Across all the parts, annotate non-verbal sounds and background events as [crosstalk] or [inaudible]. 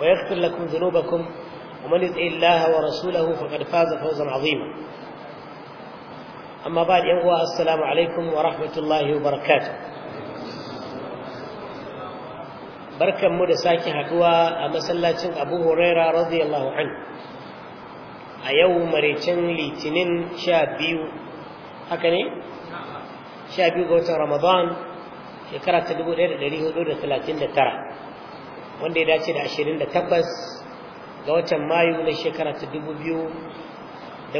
ويغفر لكم ذنوبكم ومن يطع الله ورسوله فقد فاز فوزا عظيما أما بعد ينقوى السلام عليكم ورحمة الله وبركاته بركة مودة ساكي حكوى مسلاة أبو هريرة رضي الله عنه أيو مريتين لتنين شابيو هكذا شابيو قوة رمضان shekara ta 1439 wanda ya dace da ashirin takwas ga watan mayu na shekara ta 2018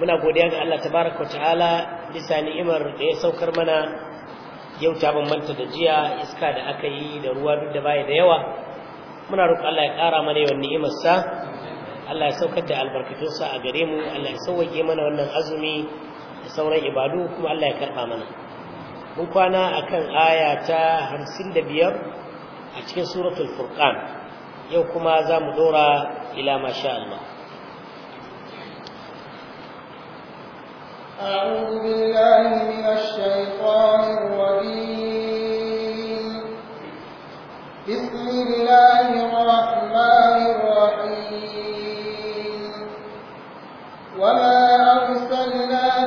muna godiya ga Allah tabaraka wa ta'ala bisa ni'imar da ya saukar mana yau ta bambanta da jiya iska da aka yi da ruwa duk da baya da yawa muna roƙon Allah ya ƙara mana yawan sa Allah ya saukar da albarkatun sa a gare mu Allah ya sauwake mana wannan azumi da sauran ibadu kuma Allah ya karɓa mana mun kwana akan aya ta 55 a cikin suratul furqan yau kuma za mu dora ila masha Allah أعوذ بالله من الشيطان الرجيم بسم الله الرحمن الرحيم وما أرسلنا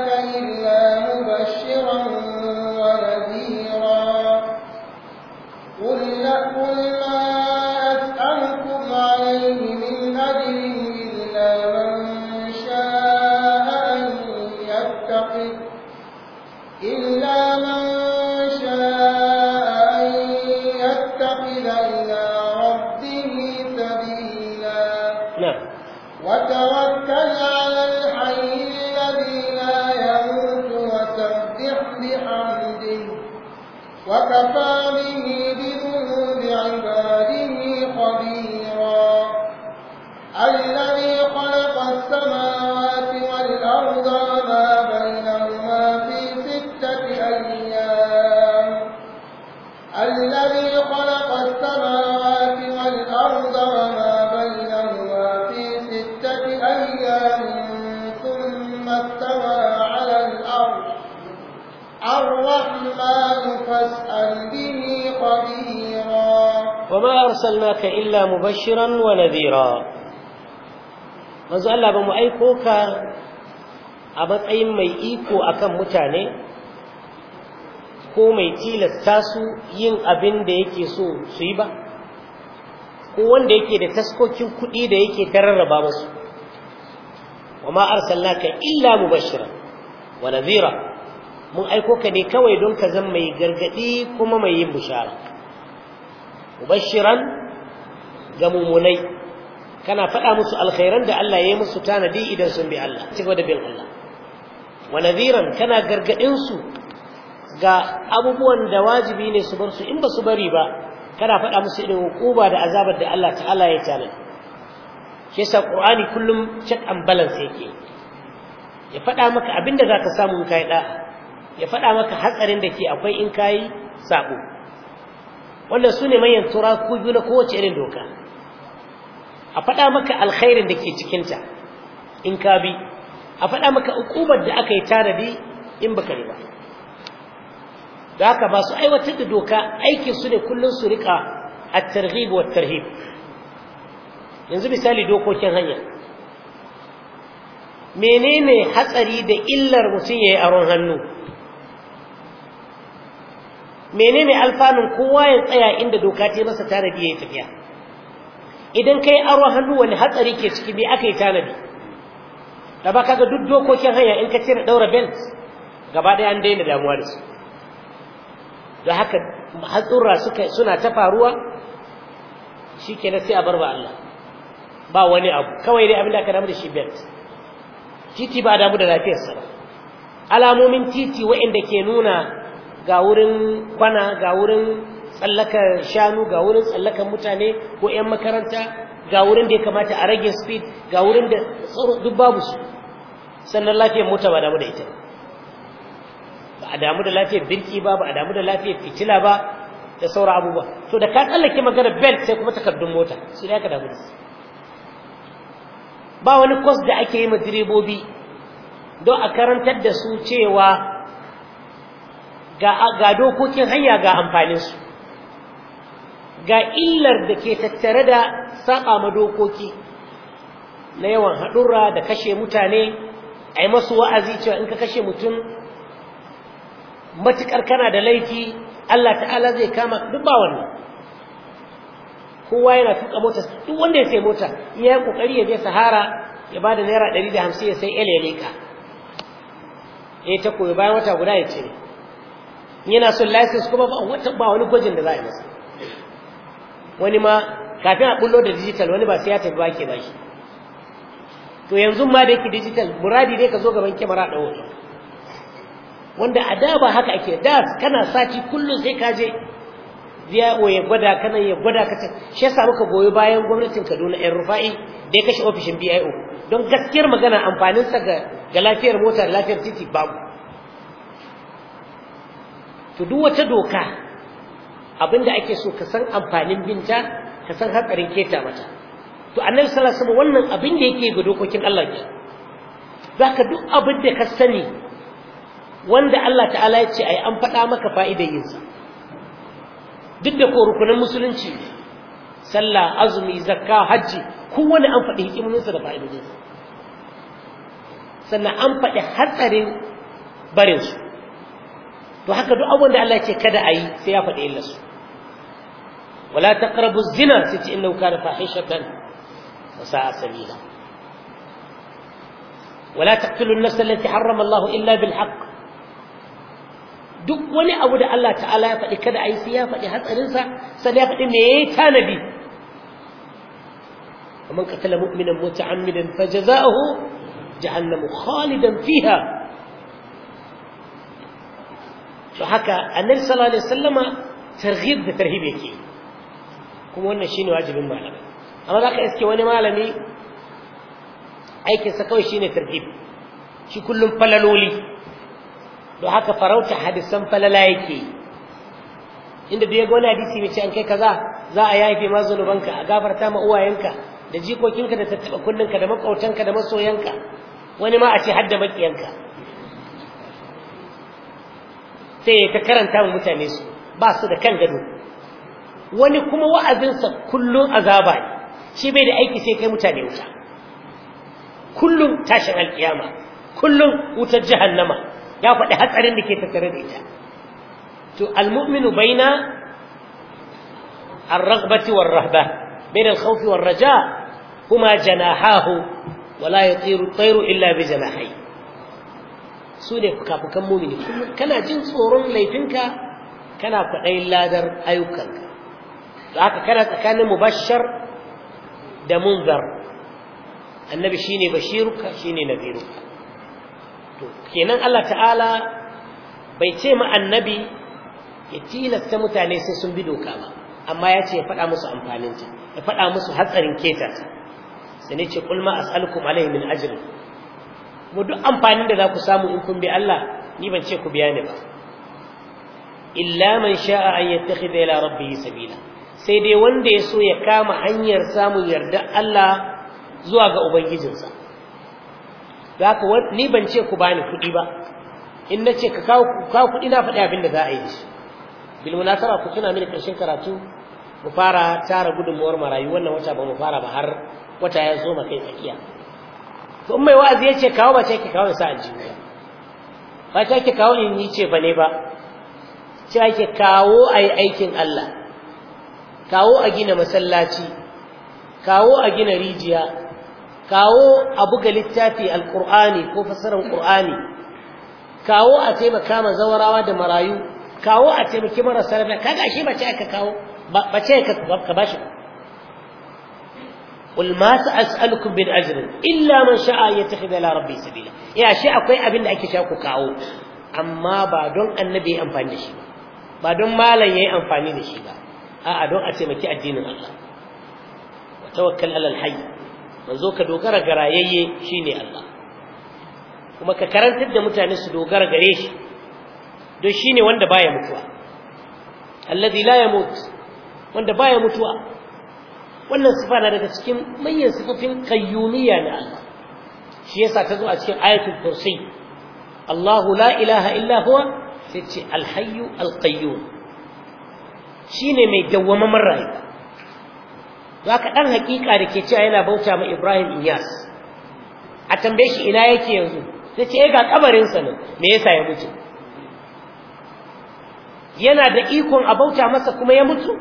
وما أرسلناك إلا مبشرا ونذيرا manzo Allah ba mu aiko ka a matsayin mai iko akan mutane ko mai tilasta su yin abin da yake so su yi ba ko wanda yake da taskokin kuɗi da yake tararraba musu wa ma arsalnaka illa mubashiran wa nadhira mun aiko ka ne kawai don ka zama mai gargadi kuma mai yin bishara mubashiran ga mummunai kana faɗa musu alkhairan da Allah ya yi musu tanadi idan sun bi Allah cikin da bin Allah wa nadhiran kana gargadin su ga abubuwan da wajibi ne su bar su in ba su bari ba kana faɗa musu irin hukuba da azabar da Allah ta'ala ya tanadi shi yasa qur'ani kullum check and balance yake ya faɗa maka abinda zaka samu in kai da ya faɗa maka hatsarin da ke akwai in kai sabo wannan su ne manyan tura ku biyu na kowace irin doka a faɗa maka alkhairin da ke cikinta in ka bi a faɗa maka hukumar da aka yi tanadi in baka riba da haka ba su aiwatar da doka aikin su ne kullum su rika a targhib wa tarhib yanzu misali dokokin hanya menene hatsari da illar mutum ya yi aron hannu menene alfanun kowa ya tsaya inda doka ta masa tanadi ya tafiya idan kai aro hannu wani hatsari ke ciki me aka yi tanadi da ba kaga duk dokokin hanya in ka ce na daura belt gaba ɗaya an daina damuwa da su don haka hatsura suka suna ta faruwa shikenan sai a bar ba Allah ba wani abu kawai dai abin da aka damu da shi belt titi ba damu da lafiyarsa ba alamomin titi waɗanda ke nuna ga wurin bana ga wurin tsallakar shanu ga wurin tsallakar mutane ko 'yan makaranta ga wurin da ya kamata a rage speed ga wurin da tsoro duk babu su sannan lafiyar mota ba damu da ita ba a damu da lafiyar birki ba ba a damu da lafiyar fitila ba da saura abubuwa to da ka tsallake maganar belt sai kuma takardun mota su da ka damu da su ba wani kwas da ake yi ma direbobi don a karantar da su cewa ga dokokin hanya ga amfaninsu ga illar da ke tattare da saba ma dokoki na yawan haɗura da kashe mutane a yi masu wa'azi cewa in ka kashe mutum matuƙar kana da laifi Allah ta'ala zai kama duk ba wannan kowa yana tuka mota duk wanda ya sai mota ya yi kokari ya je sahara ya ba da naira 150 ya sai ya leka ya ta koyo bayan wata guda ya ce. yana son license kuma ba ba wani gwajin da za a yi masa wani ma kafin a bullo da digital wani ba sai ya tafi bake ke ba shi to yanzu ma da yake digital muradi dai ka zo gaban kyamara da hoto wanda a da ba haka ake da kana sati kullum sai ka je VIO ya gwada kana ya gwada ka ce shi yasa muka goyi bayan gwamnatin Kaduna ɗan Rufa'i da ya kashe ofishin BIO don gaskiyar magana amfanin sa ga lafiyar mota da lafiyar titi babu to duk wata doka abinda ake so ka san amfanin binta ka san hatsarin keta mata to annabi sallallahu alaihi wasallam wannan abin da yake ga dokokin Allah ke zaka duk abin da ka sani wanda Allah ta'ala ya ce ai an faɗa maka fa'idar yin sa duk da ko rukunin musulunci sallah azumi zakka hajji kowanne an faɗi sa da sa sannan an faɗi hatsarin barinsu to haka duk abin da Allah ya ce kada a yi sai ya faɗi illarsu wala taqrabu zina sai ce innahu kana fahishatan wa sa'a sabila wala taqtulu an-nafsa allati harrama Allah illa bil haqq duk wani abu da Allah ta'ala ya faɗi kada a yi sai ya faɗi hatsarinsa sai ya faɗi me yayi tanabi ومن قتل مؤمنا متعمدا فجزاؤه جهنم خالدا فيها to haka annabi sallallahu alaihi wasallama targhib da tarhib yake kuma wannan shine wajibin malami amma zaka iske wani malami aikin sa kawai shine tarhib shi kullum falaloli to haka farauta hadisan falala yake inda duk wani hadisi mai ce an kai kaza za a yafe ma a gafarta ma uwayenka da jikokinka da tattaba kunninka da makautanka da masoyanka wani ma a ce hadda makiyanka sai ta karanta wa mutane su ba su da kan gado wani kuma wa'azinsa kullum azaba ne shi bai da aiki sai kai mutane wuta kullum tashin alkiyama kullum wutar jahannama ya faɗi hatsarin da ke tattare da ita to almu'minu baina ar-raghbati war-rahba baina al-khawfi war-raja kuma janahahu wala yatiru at-tayru illa bi janahihi su ne fukafukan mumini kana jin tsoron laifinka kana kwaɗayin ladar ayyukanka da aka kana tsakanin mubashar da munzar annabi shi ne bashiruka shi ne naziruka to kenan Allah ta'ala bai ce ma annabi ya tilasta mutane sai sun bi doka ba amma ya ce ya faɗa musu amfaninta ya faɗa musu hatsarin keta sai ne ce kulma a alaihi min ajrin mu duk amfanin da za ku samu in kun bi Allah ni ban ce ku biya ni ba illa man sha'a an yattakhidha ila rabbihi sabila sai dai wanda ya so ya kama hanyar samun yarda Allah zuwa ga ubangijinsa zaka ni ban ce ku bani kuɗi ba in nace ka kawo kuɗi na faɗi abin da za a yi bil munasara ku tuna mini karshen karatu mu fara tara gudunmuwar marayu wannan wata ba mu fara ba har wata ya zo ma kai tsakiya to in mai wa'azi ya ce kawo ba sai ki kawo sa aljihu ba sai ki kawo in yi ce fa ne ba sai ki kawo ai aikin Allah kawo a gina masallaci kawo a gina rijiya kawo a buga littafi alqur'ani ko fasaran qur'ani kawo a taimaka ma zawarawa da marayu kawo a taimaki marasa lafiya kaga shi ba sai ka kawo ba ce ka bashi ba qul ma sa'alukum bin ajrin illa man sha'a yattakhidha ila rabbi sabila ya shi akwai abin da ake sha ku kawo amma ba don annabi ya amfani da shi ba ba don malam yayi amfani da shi ba a'a don a taimaki addinin Allah wa tawakkal ala al ka dogara ga rayayye shine Allah kuma ka karantar da mutane su dogara gare shi don wanda baya mutuwa mutuwa wannan sifa na daga cikin manyan sifofin kayyumiya na Allah shi yasa ta zo a cikin ayatul kursi Allahu la ilaha illa huwa sai ce alhayyu alqayyum shine mai dawwamamar rayuwa zaka dan hakika da ke cewa yana bauta ma Ibrahim Iyas a tambaye shi ina yake yanzu sai ce eh, ga kabarin sa ne me yasa ya mutu yana da ikon a bauta masa kuma ya mutu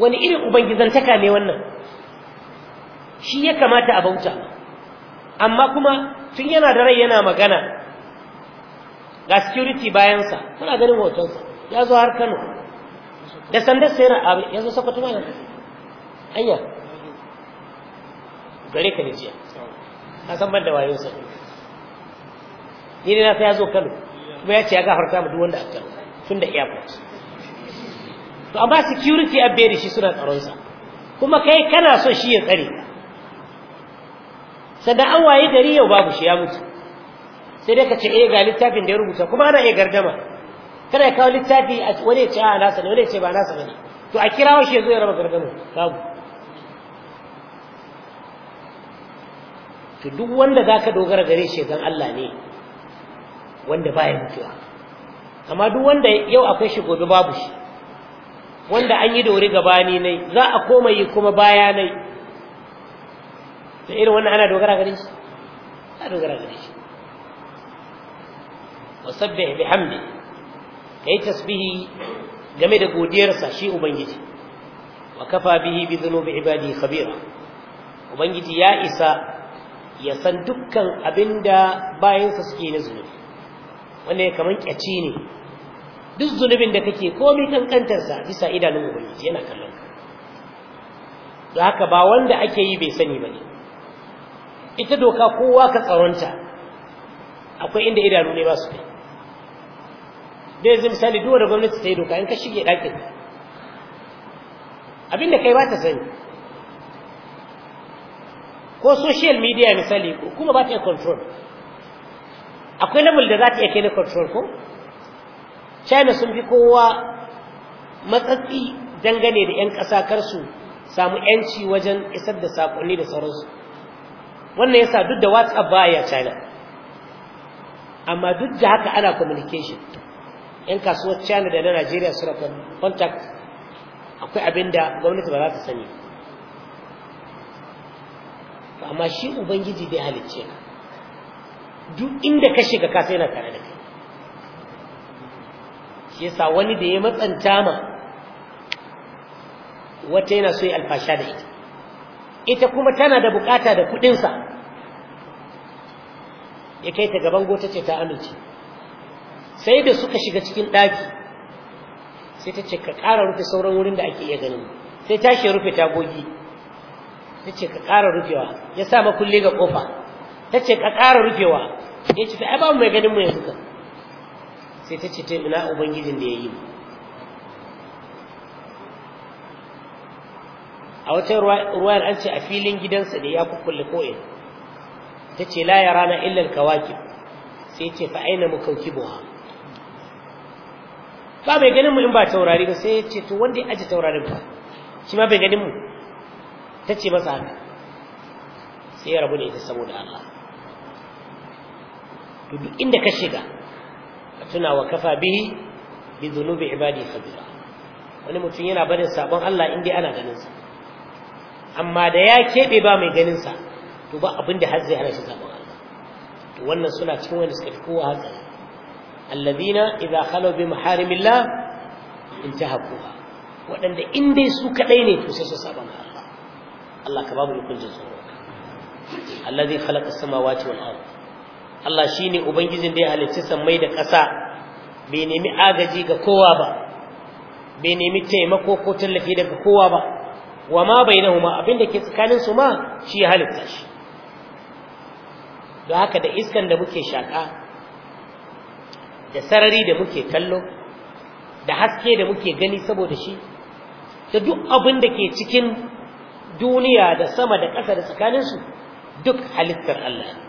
wani irin ubangizantaka ne wannan shi ya kamata a bauta amma kuma tun yana da rai yana magana ga security bayansa Kuna ganin hotonsa ya zo har kano da sandar sayar abu ya zo sakwato ma yanzu anya gare ka ne jiya na san ban da wayo sa ne na sai ya zo kano kuma ya ce ya ga harka mu duk wanda a kano tun da airport to amma security an bai da shi suna tsaronsa kuma kai kana so shi ya tsare sannan an waye gari yau babu shi ya mutu sai dai ka ce eh ga littafin da ya rubuta kuma ana iya gardama kada ya kawo littafi a wani ya ce a ah, nasa ne wani ya ce ba nasa bane to a kirawo shi ya zo ya raba gardama babu to duk wanda zaka dogara gare shi dan Allah ne wanda baya mutuwa amma duk wanda yau akwai shi gobe babu shi wanda an yi dori wuri gabani ne, za a koma yi kuma baya ne. da irin wannan ana dogara gare shi ana dogara gare shi wasabbih bihamdi kai tasbihi game da godiyarsa shi ubangiji wa kafa bihi bi dhunubi ibadi khabira ubangiji ya isa ya san dukkan abinda bayansa suke na zunubi wanda ya kaman kyaci ne duk zunubin da kake komai kantarsa bisa idanun ubangiji yana kallon ka da haka ba wanda ake yi bai sani ba ne ita doka kowa ka tsaronta akwai inda idanu ne ba su kai da yanzu misali duk da gwamnati ta yi doka in ka shige ɗakin abin da kai ba ta sani ko social media misali kuma ba ta yi control akwai level da za ta iya kai na control ko china sun fi kowa matsatsi dangane da 'yan ƙasa karsu samu 'yanci wajen isar da saƙonni da sauransu wannan yasa duk da whatsapp baya china amma duk da haka ana communication 'yan kasuwar china da na nigeria rafa contact akwai abin da gwamnati ba za ta sani amma shi ubangiji bai halicce duk inda ka shiga ka sai tare da shi yasa wani da ya matsanta ma wata yana so ya alfasha da ita ita kuma tana da bukata da kudinsa ya kai ta gaban gota ce ta amince sai da suka shiga cikin ɗaki sai ta ce ka ƙara rufe sauran wurin da ake iya ganin sai ta shi rufe tagogi ta ce ka ƙara rufewa ya sa kulle ga ƙofa ta ce ka ƙara rufewa ya ce ta ai babu mai ganin mu yanzu kan sai ta ce ta ina ubangijin da ya yi a wata ruwayar an ce a filin gidansa da ya kukkulle ko'in ta ce la ya rana illar kawaki sai ce fa aina mu kauki buha ba mai ganin mu in ba taurari ba sai ce to wanda ya aji taurarin ba shi ma bai ganin mu ta ce masa haka sai ya rabu da ita saboda Allah duk inda ka shiga tuna wa kafa bihi bi dhunubi ibadi khabira wani mutum yana barin sabon Allah inda ana ganin sa amma da ya kebe ba mai ganin sa to ba abin da har zai hana shi sabon Allah to wannan suna cikin wanda suka fi kowa hatsari alladhina idza khalu bi maharimillah intahakuha waɗanda in dai su kadai ne to sai su sabon Allah Allah ka babu ikon jin tsoro alladhi khalaqa as-samawati wal ardh Allah shi ne ubangijin da ya halicci sammai da ƙasa bai nemi agaji ga kowa ba bai nemi taimako ko tallafi daga kowa ba wa ma bai abin abinda ke tsakanin ma shi ya halitta shi don haka da iskan da muke shaka da sarari da muke kallo da haske da muke gani saboda shi da duk abin da ke cikin duniya da sama da ƙasa da tsakaninsu duk halittar Allah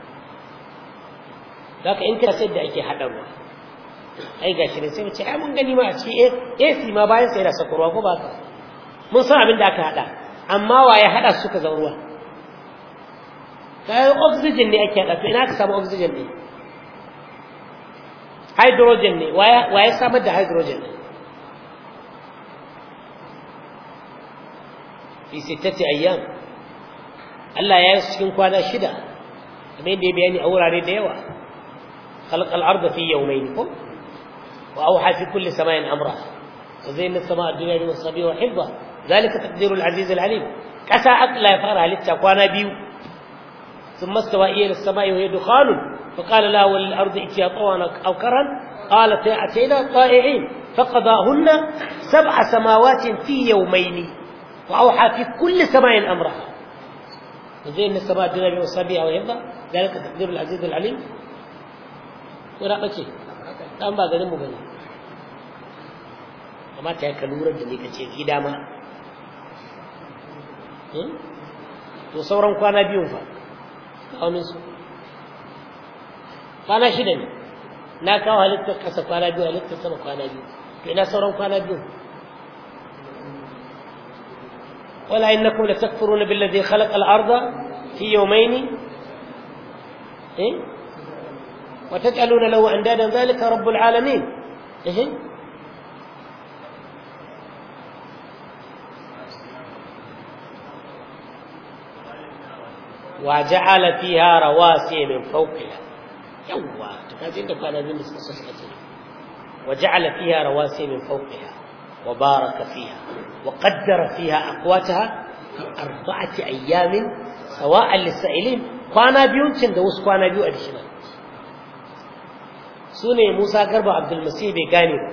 haka in kana sayar da ake hadarwa. ai gashi ne sai mace ai mun gani ma a ciki AC ma bayan sai da sakurwa ko ba ka mun san abin da aka hada amma wa ya su suka zama ruwa kayan oxygen ne ake hada to ina ka samu oxygen ne hydrogen ne waye ya samar da hydrogen ne fi sittati ayyam Allah ya yi cikin kwana shida amma inda ya bayani a wurare da yawa خلق الأرض في يومينكم وأوحى في كل سماء أمرها وزين السماء الدنيا والصبي وحفظها ذلك تقدير العزيز العليم كسا أقلا يفارها للتقوانا بيو ثم استوى إلى السماء وهي دخان فقال لا وللأرض اتيا طوعا أو كرها قالت أتينا طائعين فقضاهن سبع سماوات في يومين وأوحى في كل سماء أمرها وزين السماء الدنيا والصبي وحفظها ذلك تقدير العزيز العليم ko na ɓace ɗan ba garin mu bane amma ta ka lura da ni ka ce gida ma hmm? to sauran kwana biyun fa kawo su kwana shida ne na kawo halittar kasa kwana biyu halittar sama kwana biyu to ina sauran kwana biyu wala innakum latakfuruna billadhi khalaqa al-arda fi yawmayn eh hmm? وتجعلون له أندادا ذلك رب العالمين إيه؟ وجعل فيها رواسي من فوقها يوا من وجعل فيها رواسي من فوقها وبارك فيها وقدر فيها أقواتها في أربعة أيام سواء للسائلين قانا بيوتن دوس قانا بيو su ne musa garba abdulmasih bai gane ba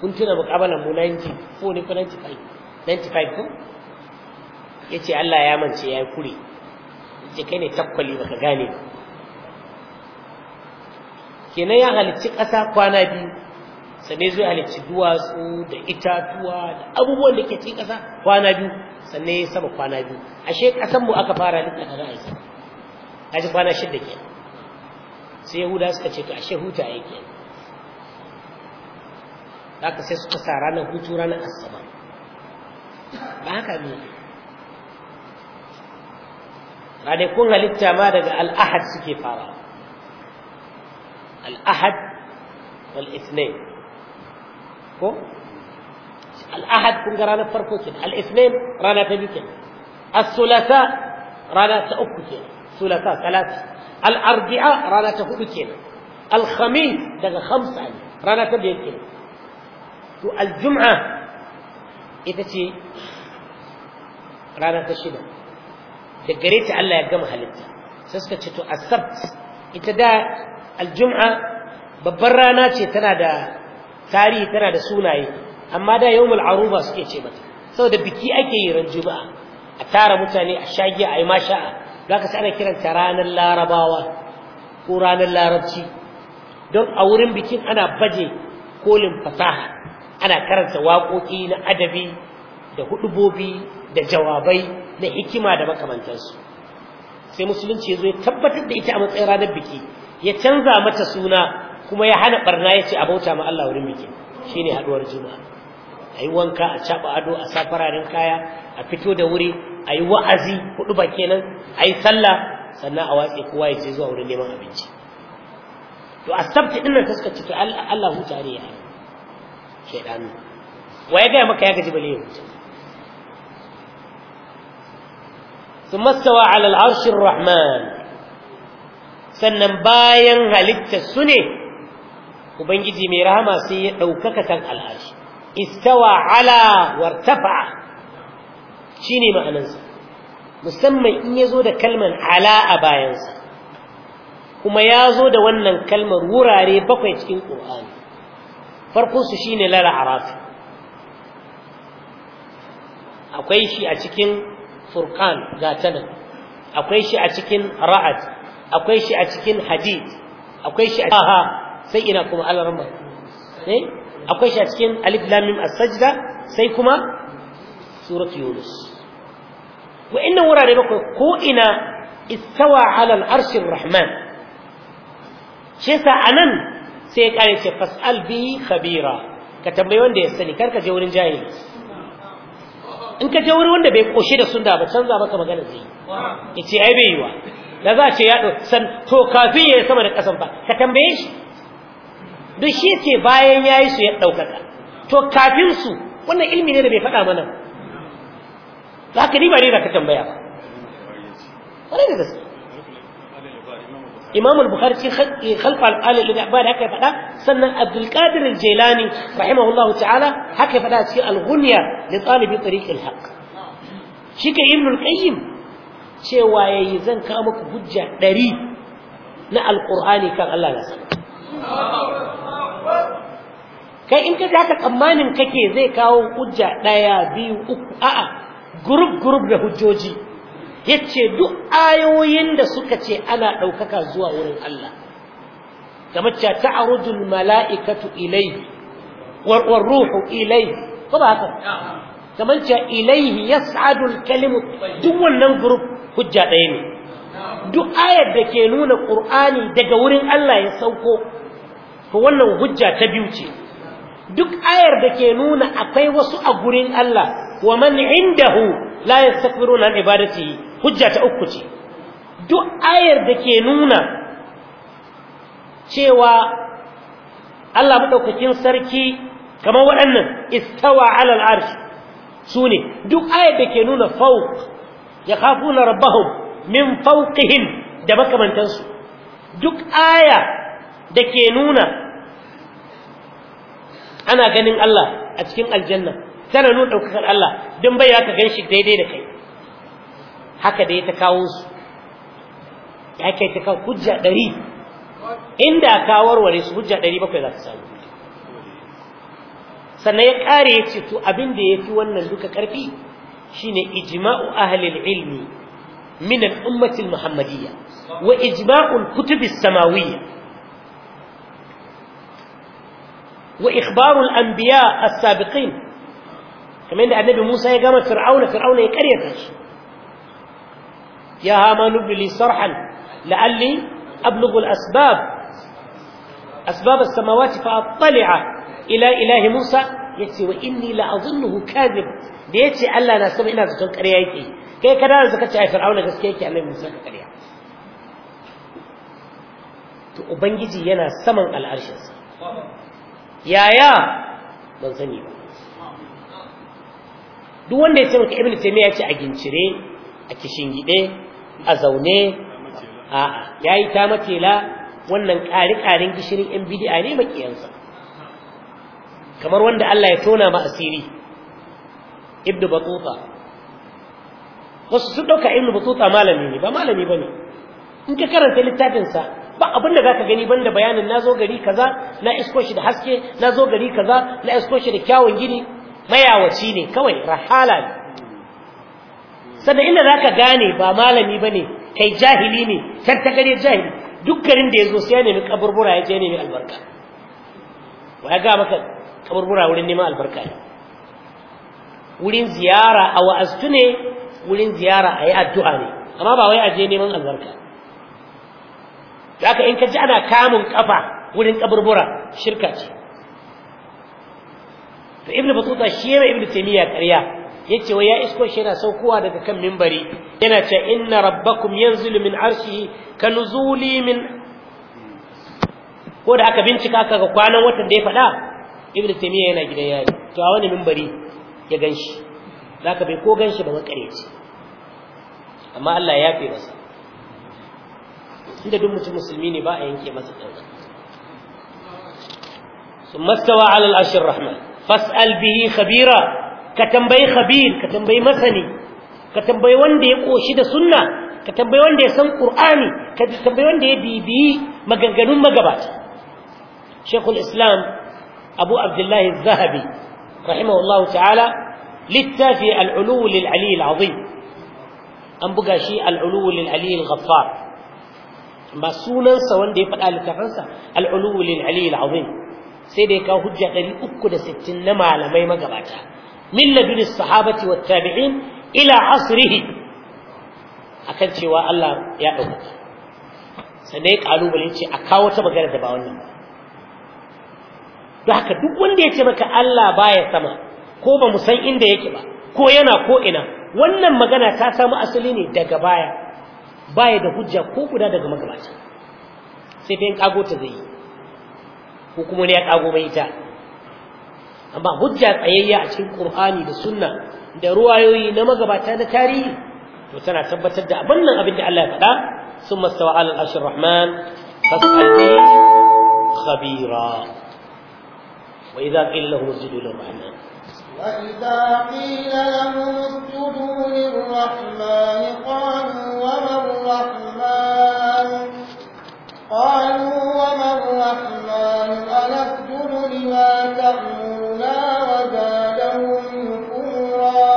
kun tuna mukabalan mu 94 ne ko 95 kun ko ya ce allah ya mance ya yi kure ce kai ne takwali baka gane ba kenan ya halicci ƙasa kwana biyu sannan zai halicci duwatsu da itatuwa da abubuwan da ke cikin ƙasa kwana biyu sannan ya saba kwana biyu ashe ƙasanmu aka fara duk da yi aisa kaji kwana shidda kenan sai yahuda suka ce to ashe huta yake haka sai suka sa ranar hutu ranar asabar ba haka ne ranakun halitta ma daga al'ahad suke fara al'ahad wal isnain ko al'ahad kun ga ranar farko kenan al'isnain rana ta biyu kenan as-sulasa rana ta uku kenan sulasa talata al-arbi'a rana ta hudu kenan al-khamis daga khamsa ne rana ta biyar kenan to al-jum'a ita ce rana ta shida da gare ta Allah ya gama halitta sai suka ce to as ita da al-jum'a babbar rana ce tana da tarihi tana da sunaye amma da yawmul aruba suke ce mata saboda biki ake yi ran juma'a a tara mutane a shagiya a yi masha'a Zaka ka ana kiranta ranar larabawa ko ranar larabci don a wurin bikin ana baje kolin fasaha ana karanta waƙoƙi na adabi da hudubobi da jawabai na hikima da makamantansu sai musulunci ya zo ya tabbatar da ita a matsayin ranar biki ya canza mata suna kuma ya hana barna ya ce a bauta ma Allah wurin biki shine haduwar juma'a A yi wanka a caɓa ado a sa kaya a fito da wuri a wa'azi hudu ba kenan a yi sallah sannan a watsi kowa ya zuwa wurin neman abinci to a sabta ɗin nan taskace to Allah hu tare ya yi shaidanu wa ya gaya maka ya gaji bale yau thumma stawa ala al'arshi ar-rahman sannan bayan halitta su ne ubangiji mai rahama sai ya ɗaukaka kan al'arshi istawa ala wartafa Shi ne ma'anansa musamman in ya zo da kalman ala a bayansa kuma ya zo da wannan kalmar wurare bakwai cikin ƙur'ani farkonsu shi ne lara arafi akwai shi a cikin furkan gatanan akwai shi a cikin ra'ad akwai shi a cikin hadid akwai shi a aha sai ina kuma alarma eh? akwai shi a cikin alif lamim as-sajda sai kuma surat yunus wa'annan wurare bakwai ko ina istawa ala al'arshin rahman shi yasa anan sai ya kare ce fas'al bi khabira ka tambayi wanda ya sani karka je wurin jahili in ka je wurin wanda bai koshi da sunna ba canza maka magana zai yi. ya ce ai bai yi wa? da za ce ya san to kafin ya yi sama da kasan ba ka tambaye shi duk shi ce bayan ya yi su ya ɗaukaka to kafin su wannan ilmi ne da bai faɗa mana za ka ni ba rera ka tambaya ba ƙwarai da gaske imam bukhari cikin khalfa al ba haka ya faɗa sannan abdul qadir al-jailani rahimahullahu ta'ala haka ya faɗa cikin al-ghunya li talibi tariq al-haq shi ka ibn al-qayyim cewa yayi zan kawo muku hujja ɗari na al-qur'ani kan Allah na sama kai in ka haka tsammanin kake zai kawo hujja ɗaya biyu uku a'a group group da hujjoji yace duk ayoyin da suka ce ana daukaka zuwa wurin Allah kamar cha ta'rudul mala'ikatu ilayhi war ruhu ilayhi ko ba haka kamar cha ilayhi yas'adul kalimu duk wannan group hujja ɗaya ne duk ayar da ke nuna Qur'ani daga wurin Allah ya sauko to wannan hujja ta biyu ce duk ayar da ke nuna akwai wasu a gurin Allah wa man indahu la yastakbiruna an ibadatihi hujja uku ce duk ayar da ke nuna cewa Allah ɗaukakin sarki kamar waɗannan istawa alal arsh sune duk ayar da ke nuna fawq yakhafuna rabbahum min fawqihim da makamantansu duk aya da ke nuna ana ganin Allah a cikin aljanna tana nuna ɗaukakar Allah don bai ka gan shi daidai da kai haka da ya ta kawo su ya kai ta kawo hujja ɗari inda ka warware su hujja ɗari bakwai za ka samu sannan ya ƙare ya ce to abin da ya fi wannan duka ƙarfi shine ijma'u ahlil ilmi min al-ummati al-muhammadiyya wa ijma'u al-kutub as-samawiyya وإخبار الأنبياء السابقين kamar da annabi Musa ya gama Fir'auna Fir'auna ya karya shi ya hamanu bili sarhan la'alli ablughu asbab asbab samawati fa attali'a ila ilahi Musa yace wa inni la azunnuhu da da yace Allah na sama ina zaton ƙarya yake kai ka da zaka ce ai Fir'auna gaskiya yake annabi Musa ka karya. to ubangiji yana saman al'arshinsa yaya ban sani ba duk wanda ya ce ibn ibnu ya ce a gincire a kishingide a zaune a'a yayi ta matela wannan ƙari ƙarin gishirin yan bid'a ne makiyansa kamar wanda Allah ya tona ma asiri ibnu batuta wasu su dauka ibnu batuta malami ne ba malami bane in ka karanta littafin sa ba abin da zaka gani banda bayanin nazo gari kaza na isko shi da haske na zo gari kaza na isko shi da kyawun gini mayawaci ne kawai rahala ne sannan inda za ka gane ba malami ba ne kai jahili ne tattakare jahili dukkanin da ya zo sai ya nemi kaburbura ya je nemi albarka wa ya ga maka kaburbura wurin neman albarka ne wurin ziyara a wa'astu ne wurin ziyara a yi addu'a ne amma ba wai a je neman albarka da aka in ka ji ana kamun kafa wurin kaburbura shirka ce to ibn batuta shi yana ibn taymiya ƙarya yace wai ya isko shi yana saukowa daga kan mimbari yana cewa inna rabbakum yanzilu min arshihi ka nuzuli min ko da aka bincika aka ga kwanan watan da ya faɗa ibn taymiya yana gidan yayi to a wani mimbari ya ganshi zaka bai ko ganshi ba makareci amma Allah ya fi masa inda duk mutum musulmi ne ba a yanke masa ɗaura ثم استوى على العرش rahman. fas'al bihi khabira ka tambayi khabir ka tambayi masani ka tambayi wanda ya koshi da sunna ka tambayi wanda ya san qur'ani ka tambayi wanda ya bibiyi maganganun magabata shekul islam abu abdullahi zahabi rahimahullahu ta'ala littafi al'ulu lil ali al'azim an buga shi al'ulu lil ali al-ghaffar ba sunansa wanda ya faɗa littafinsa al'ulu lil ali al-azim sai da ya kawo hujja 360 na malamai magabata min ladun sahabati wa tabi'in ila A kan cewa Allah ya ɗauka. Sannan ya ce a kawo ta magana da ba wannan ba don haka duk wanda ya ce maka Allah baya sama ko ba mu san inda yake ba ko yana ko ina wannan magana ta samu asali ne daga baya baya da hujja ko guda daga magabata sai fiye yin ta zai yi ko kuma ne ya kago mai ita amma hujja tsayayya a cikin Qur'ani da Sunna da ruwayoyi na magabata na tarihi to tana tabbatar da abin nan abin da Allah ya faɗa summa stawa ala al-arshir rahman fas'alni khabira wa idza qila lahum isjudu lirrahman وإذا قيل لهم اسجدوا للرحمن قالوا وما الرحمن قالوا وما الرحمن أنسجد لما تأمرنا وزادهم نفورا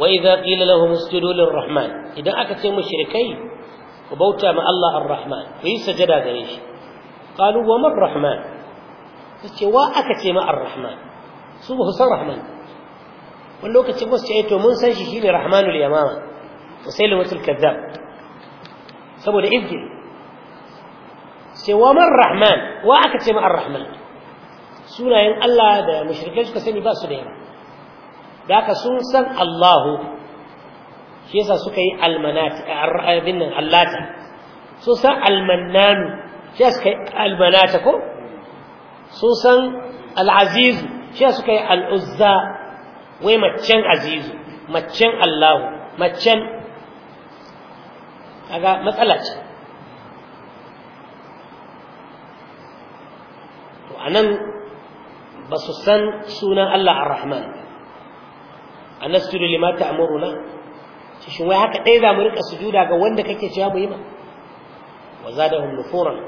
وإذا قيل لهم اسجدوا للرحمن إذا أكثر مشركي وبوتا مع الله الرحمن في سجدا غريش قالوا وما الرحمن فسوا أكثر مع الرحمن سوى حسن رحمن واللوكة تقول سيئتو من سنشي شيني رحمن اليمامة مثل كذاب سبو لإذن ce wa man rahman wa aka ce ma ar-rahman sunayen Allah da mushrikai suka sani ba su da yawa da haka sun san Allahu shi yasa suka yi almanati abin nan allata sun san almannanu shi yasa suka yi almanata ko sun san al'azizu shi yasa suka yi al'uzza wai macen azizu macen allahu macen kaga matsala ce anan nan ba su san sunan Allah ar-Rahman a da lima amuruna shin wai haka ɗaya za mu rika sujuda ga wanda kake cewa mu yi ba wa zadahum nufuran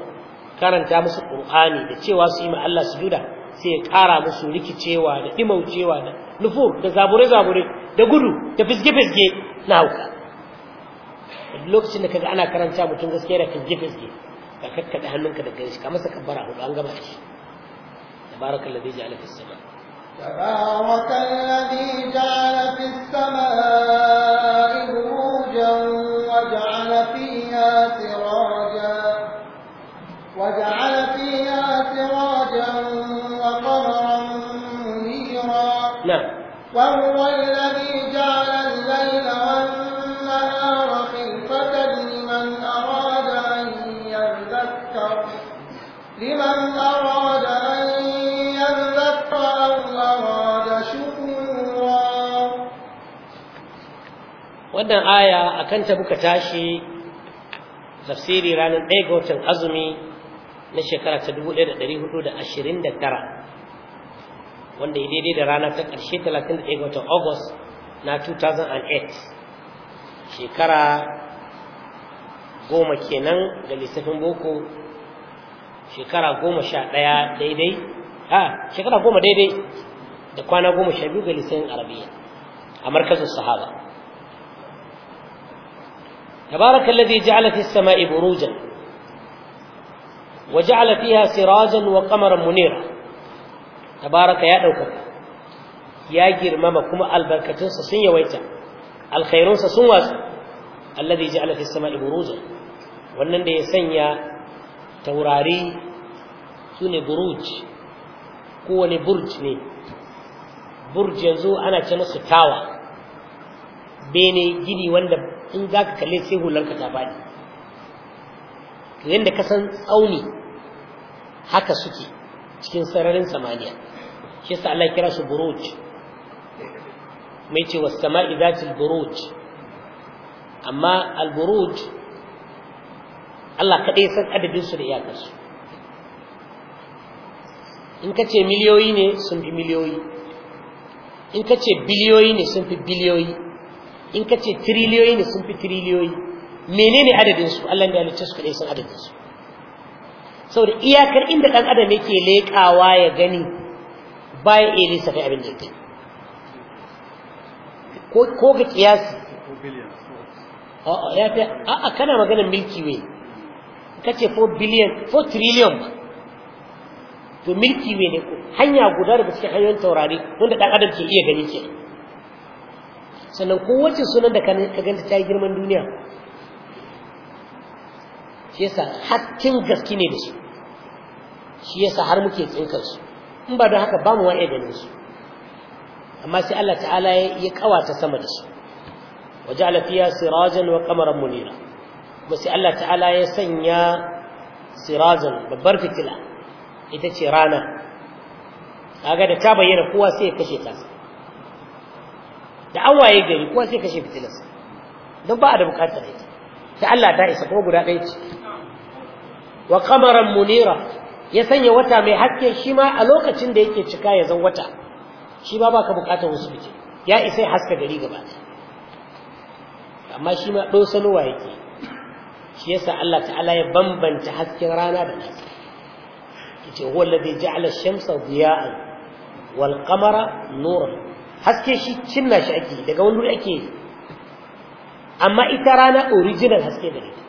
karanta musu ƙur'ani da cewa su yi ma Allah sujuda sai ya kara musu rikicewa da dimaucewa da nufur da zabure zabure da gudu da fisge fisge na hauka lokacin da kaga ana karanta mutum gaskiya da fisge fisge ka kakkada hannunka da shi ka masa kabbara hudu an gaba shi تبارك الذي جعل في السماء تبارك الذي جعل في السماء بروجا وجعل فيها سراجا وجعل فيها سراجا وقمرا منيرا نعم وهو الذي wannan aya akan ta muka tashi tafsiri ranar ɗaya ga watan azumi na shekara ta dubu ɗaya da ɗari hudu da ashirin da tara wanda ya daidai da rana ta ƙarshe talatin da ɗaya ga watan agus na 2008 shekara goma kenan ga lissafin boko shekara goma sha ɗaya daidai a shekara goma daidai da kwana goma sha biyu ga lissafin arabiya a markazin sahaba تبارك الذي جعل في السماء بروجا وجعل فيها سراجا وقمرا منيرا تبارك يا دوكك يا جرمما كما البركتين سن يويتا الخيرون سن واسو الذي جعل في السماء بروجا wannan da ya sanya taurari sune buruj kowane burj ne burj yanzu ana ce masa tawa bene gini wanda in za ka kalle sai hularka ta faɗi to yadda ka san tsauni haka suke cikin sararin samaniya shi yasa Allah kira su buruj mai ce was sama'i zatil buruj amma al buruj Allah kaɗai san adadin su da iyakarsu in ka ce miliyoyi ne sun fi miliyoyi in ka ce biliyoyi ne sun fi biliyoyi in ka ce tiriliyoyi ne sun fi tiriliyoyi menene ne adadinsu? Allah ya halicce su kaɗai sun adadinsu. su saboda iyakar inda ɗan adam yake leƙawa ya gani baya iya lissafa abin da yake ko ga kiyasi ya fi a'a kana maganar milki way ce 4 biliyan 4 triliyon ba to milki way ne hanya guda da suke hanyoyin taurari wanda ɗan adam ke iya gani ke sannan kowace sunan da ka ganta ta yi girman duniya shi yasa hakkin gaske ne da su shi yasa har muke tsinkar su in ba don haka ba mu waye ganin su amma sai Allah ta'ala ya kawata sama da su waja'ala alafiya sirajan wa qamaran munira kuma sai Allah ta'ala ya sanya sirajan babbar fitila ita ce rana kaga da ta bayyana kowa sai ya kashe ta da an waye gari kowa sai kashe fitilarsa don ba a da bukatar ita da Allah ta isa kuma guda ɗaya ce wa qamaran munira ya sanya wata mai haske shi ma a lokacin da yake cika ya zan wata shi ba baka bukatar wasu fice. ya isa ya haska gari gaba amma shi ma ɗosanowa yake shi yasa Allah ta'ala ya bambanta hasken rana da nasa yace huwa alladhi ja'ala ash-shamsa diya'an wal qamara nuran haske shi cinna shi ake daga wani wuri ake amma ita rana original haske da ita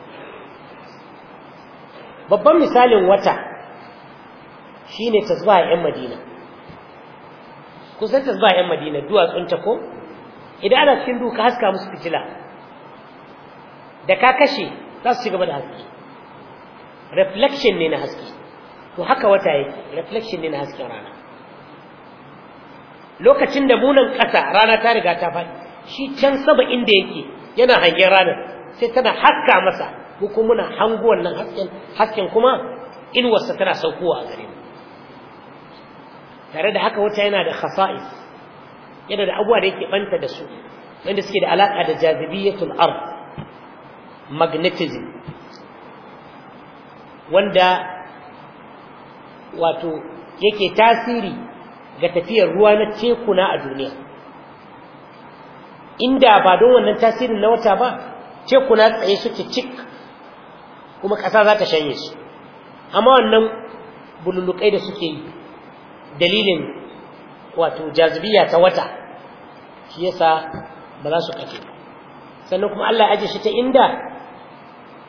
babban misalin wata shine zuwa yan madina kusan zuwa yan madina duwatsun ta ko idan ana cikin duka haska musu fitila da ka kashe za su ci gaba da haske reflection ne na haske to haka wata yake reflection ne na hasken rana lokacin da munan ƙasa rana ta riga ta faɗi shi can saba inda yake yana hangen ranar sai tana haska masa ko kuma muna hango wannan hasken hasken kuma inuwarsa tana saukowa a gare tare da haka wata yana da khasa'is yana da abubuwa da yake banta da su wanda suke da alaka da jazibiyatul ar magnetism wanda wato yake tasiri ga tafiyar ruwa na tekuna a duniya inda ba don wannan tasirin na wata ba tekuna tsaye suke cik kuma ƙasa za ta shanye su amma wannan bululukai da suke yi dalilin wato jazibiya ta wata shi yasa ba za su kake sannan kuma Allah ya aje shi ta inda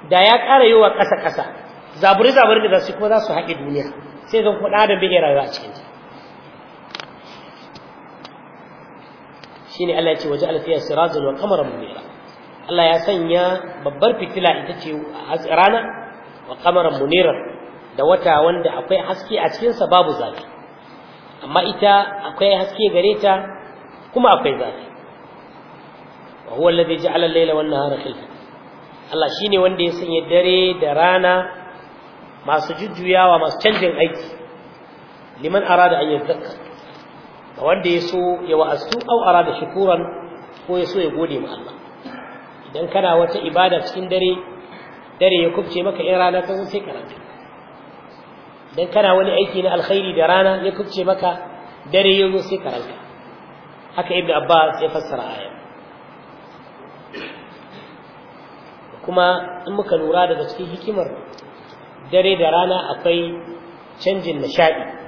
da ya ƙara yi wa ƙasa-ƙasa zaburi-zaburi da za su kuma za su haƙe duniya sai zan kuɗa da bai rayuwa a cikinta shine Allah ya ce waje alfiya sirajan wa qamaran munira Allah ya sanya babbar fitila ita ce rana wa qamaran munira da wata wanda akwai haske a cikin sa babu zafi amma ita akwai haske gare ta kuma akwai zafi wa huwa alladhi ja'ala al-layla wan nahara khilfa Allah shine wanda ya sanya dare da rana masu jujjuyawa masu canjin aiki liman arada an yadhakkar ga wanda ya so ya wa'astu au arada shukuran ko ya so ya gode ma Allah idan kana wata ibada cikin dare dare ya kubce maka in rana ta zo sai karanta idan kana wani aiki na alkhairi da rana ya kubce maka dare ya zo sai karanta haka ibnu abbas ya fassara aya kuma in muka lura daga cikin hikimar dare da rana akwai canjin nishadi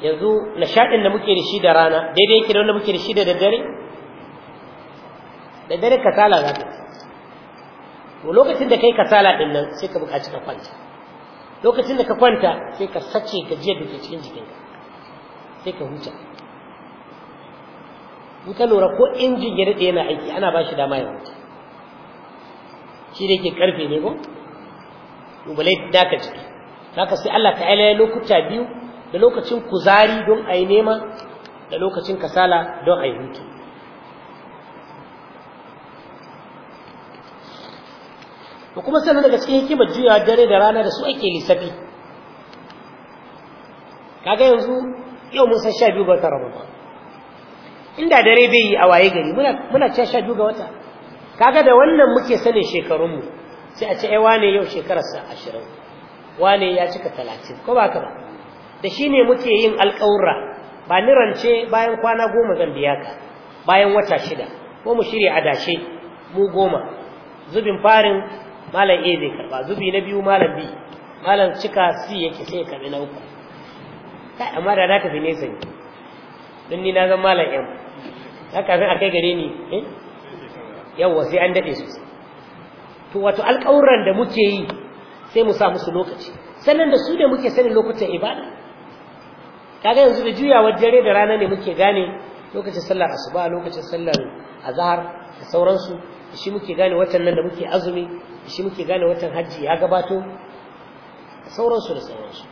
yanzu nishaɗin da muke da shi da rana daidai yake da wanda muke da shi da daddare daddare kasala za ka ci to lokacin da kai kasala ɗin nan sai ka buƙaci ka kwanta lokacin da ka kwanta sai ka sace gajiyar da ke cikin jikinka sai ka huta in ka lura ko injin ya daɗe yana aiki ana ba shi dama ya huta shi da yake karfe ne ko ka naka jiki ka sai Allah ta ailaya lokuta biyu da lokacin kuzari don a yi nema da lokacin kasala don a yi hutu da kuma sannan daga cikin hikima juya dare da rana da su ake lissafi kaga yanzu yau mun san sha biyu ga wata ramadan inda dare bai yi a waye gari muna can sha biyu ga wata kaga da wannan muke sanin shekarunmu sai a ce ai wane yau shekararsa ashirin wane ya cika talatin ko ba ka ba da shi ne muke yin alƙawura ba ni rance bayan kwana goma zan biya ka bayan wata shida ko mu shirya adashe mu goma zubin farin malam A zai karba zubi na biyu malam B malam cika C yake sai ka na uku kai amma da na tafi nesa ne don ni na zan malam M haka a kai gare ni eh yawa sai an daɗe sosai to wato alƙawuran da muke yi sai mu sa musu lokaci sannan da su da muke sanin lokutan ibada kaga yanzu da juyawar dare da rana ne muke gane lokacin sallar asuba lokacin sallar azhar da sauransu shi muke gane watan nan da muke azumi shi muke gane watan hajji ya gabato sauransu da sauransu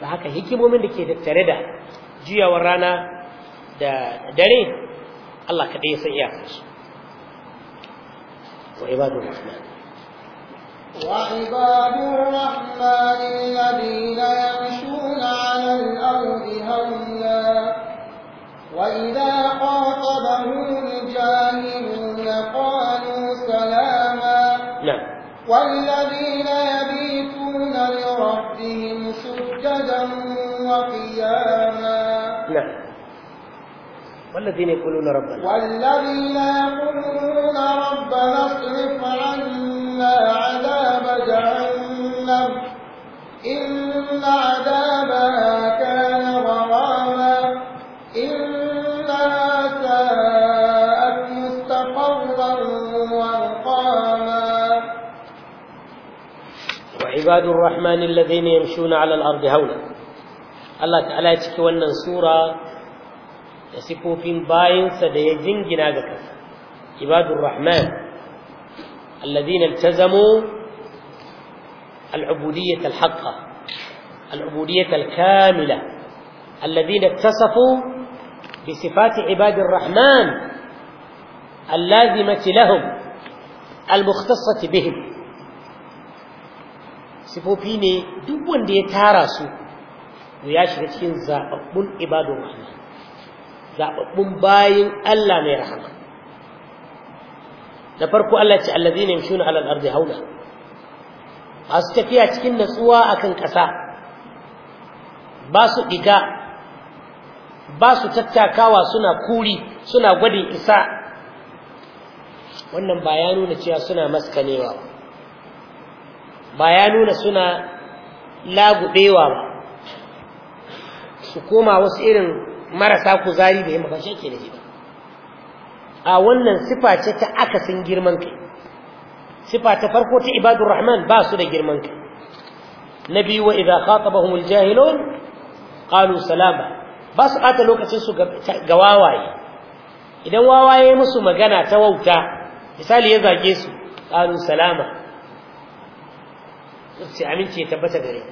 da haka hikimomin da ke tattare da juyawar rana da dare Allah kaɗai ya san iyakarsu wa ibadu rahman وعباد الرحمن الذين يمشون على الأرض هولا وإذا خاطبهم الجاهلون قالوا سلاما نعم والذين يبيتون لربهم سجدا وقياما نعم والذين يقولون ربنا والذين يقولون ربنا اصرف عنا عباد الرحمن الذين يمشون على الأرض هولا الله تعالى يتكون النصورة يسكو في مباين سديزين جنادك عباد الرحمن الذين التزموا العبودية الحقة العبودية الكاملة الذين اتصفوا بصفات عباد الرحمن اللازمة لهم المختصة بهم sifofi ne duk wanda ya tara su ya shiga cikin zaɓaɓɓun ibadun rahama zaɓaɓɓun bayin Allah mai rahama da farko Allah ce allazi ne mishuna alal ardi masu tafiya cikin natsuwa akan ƙasa ba su diga ba su tattakawa suna kuri suna gwadin isa wannan ba ya nuna cewa suna maskanewa ba ya nuna suna lagubewa ba su koma wasu irin marasa kuzari da ya mafashe ke da ba a wannan sifa ce ta akasin girman kai sifa ta farko ta ibadur rahman ba su da girman kai na biyu wa idza khatabahumul jahilun qalu salama ba su ɓata lokacin su ga wawaye idan wawaye musu magana ta wauta misali ya zage su qalu salama sai aminci ya tabbata gare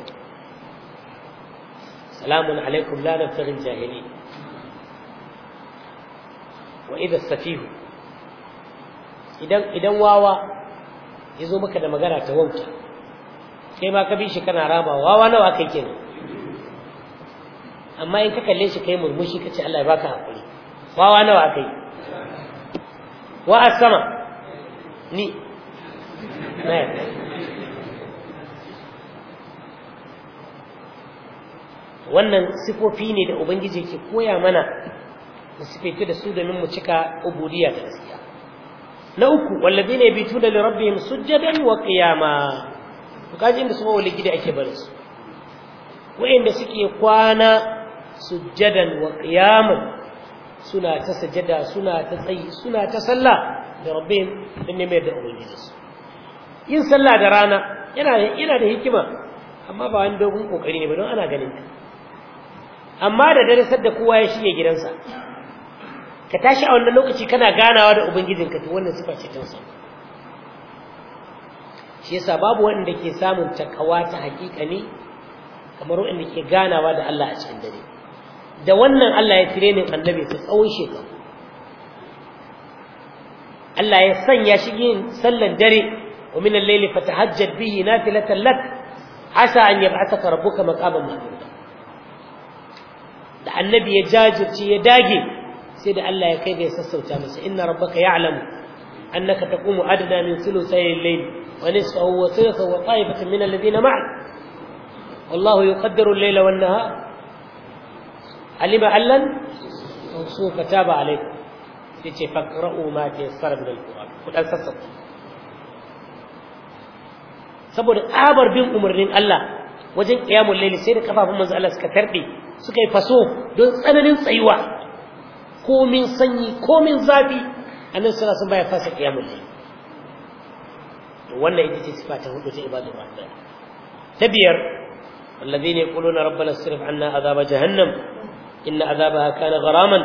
salamun alaikum la nabtaghi jahili wa idha safihu idan idan wawa yazo maka da magana ta wauta kai ma ka bi shi kana raba wawa nawa kai kenan amma in ka kalle shi kai murmushi ka ce Allah ya baka hakuri wawa nawa kai wa a sama ni na wannan sifofi ne da ubangiji yake koya mana da su sifaita da su domin mu cika ubudiya da gaskiya na uku bitu da li rabbihim sujjadan wa qiyama to kaji inda su ba gida ake barin su wa'inda suke kwana sujjadan wa qiyaman suna ta sajada suna ta tsayi suna ta sallah da rabbihim din ne mai da ubangijinsu yin sallah da rana yana yana da hikima amma ba wani dogon kokari ne ba don ana ganin ta amma da dare sadda kowa ya shige gidansa ka tashi a wannan lokaci kana ganawa da ubangijinka to wannan sifa ce ta shi yasa babu wanda ke samun takawa ta hakika ne kamar wanda ke ganawa da Allah a cikin dare da wannan Allah ya cire tirenin annabi ta tsawon shekaru Allah ya sanya shi yin sallan dare wa min al-layli fatahajjad bihi nafilatan lak asa an yab'athaka rabbuka maqaman mahmuda da annabi ya jajirce ya dage sai da Allah ya kai ga ya sassauta masa inna rabbaka ya'lamu annaka taqumu adna min thuluthay al-layli wa nisfahu wa thuluthahu wa ta'ifatan min alladhina ma'ak والله يقدر الليل والنهار Ali ma'allan, su fataba alaikum sai ce faqra'u ma tayassara min alquran ku dan sassauta saboda tsabar bin umarnin Allah wajen qiyamul layli sai da kafafun manzo Allah suka tarbe suka yi faso don tsananin tsayuwa komin sanyi komin zafi a nan suna alaihi baya fasa qiyamul layli to wannan ita ce sifa ta hudu ta ibadun rahman ta biyar الذين يقولون ربنا اصرف عنا عذاب جهنم inna azabaha kana gharaman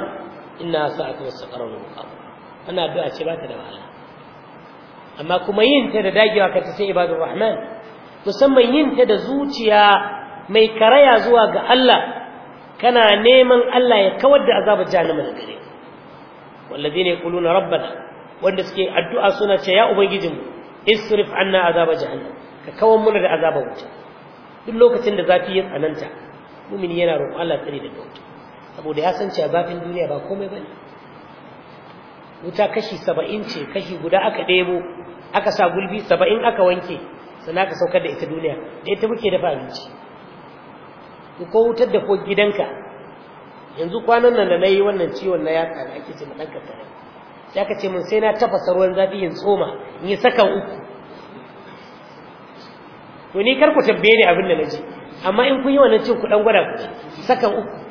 inna sa'at mustaqarran wa muqam wannan addu'a ce ba ta da wahala amma kuma yin da dagewa ka sai ibadur rahman musamman yin ta da zuciya mai karaya zuwa ga Allah kana neman Allah ya kawar da azabar jahannama da gare wallazina yaquluna rabbana wanda suke addu'a suna ce ya ubangijinmu isrif anna azaba jahannam ka kawar mana da azabar wuta duk lokacin da zafi ya tsananta mumini yana roƙon Allah tsare da wuta saboda ya san cewa bafin duniya ba komai bane wuta kashi saba'in ce kashi guda aka ɗebo aka sa gulbi saba'in aka wanke sannan aka saukar da ita duniya da ita muke dafa abinci ko wutar da ko gidanka yanzu kwanan nan da na yi wannan ciwon na yatsa da ake ce na ɗan kankare sai aka ce mun sai na tafasa ruwan zafi yin tsoma in yi sakan uku to ni kar ku tambaye ni abin da na ji amma in kun yi wannan cin ku ɗan gwada ku sakan uku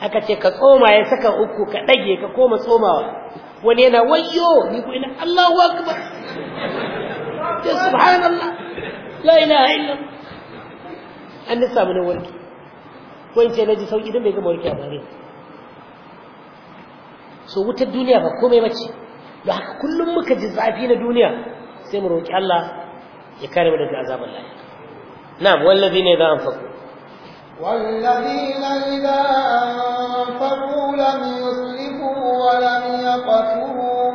aka ce ka tsoma ya saka uku ka ɗage ka koma tsomawa wani yana wayo ni ku ina Allahu akbar ya subhanallah la ilaha illa an da samu na warki ko in ce na ji sauki don bai gama warki a bare so wutar duniya ba komai ce. don haka kullum muka ji zafi na duniya sai mu roki Allah ya kare mu daga azabar wallazi ne za an fasu والذين إذا أنفقوا لم يسرفوا ولم يقتروا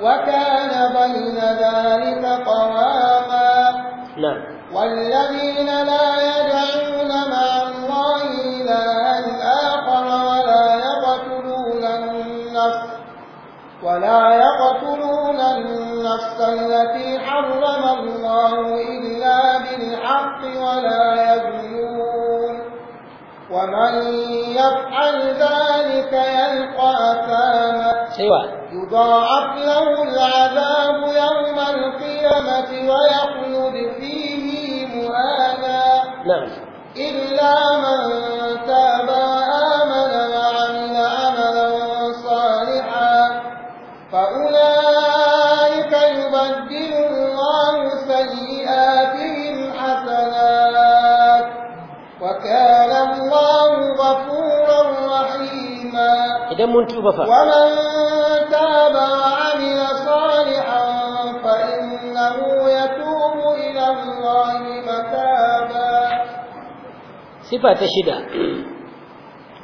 وكان بين ذلك قواما نعم والذين لا يدعون مع الله إلى الآخر ولا يقتلون النفس ولا يقتلون النفس التي حرم الله إلا بالحق ولا ومن يفعل ذلك يلقى أثاما أيوة يضاعف له العذاب يوم القيامة ويخلد فيه مهانا نعم إلا من تاب idan mun tuba fa waman taba amila salihan fa innahu yatubu ila Allah mataba sifa ta shida